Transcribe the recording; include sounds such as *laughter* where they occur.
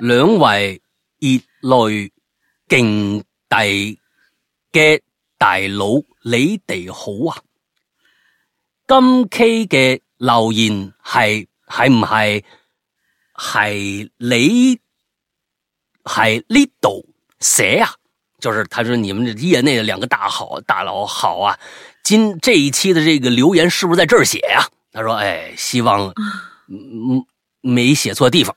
兩位業內勁大嘅大佬，你哋好啊！今期嘅留言係係唔係係你係呢度寫啊？就是他說你們這業內的兩個大好大佬好啊，今這一期的這個留言是不是在這寫啊？他說：，唉、哎，希望嗯嗯 *laughs* 沒寫錯地方。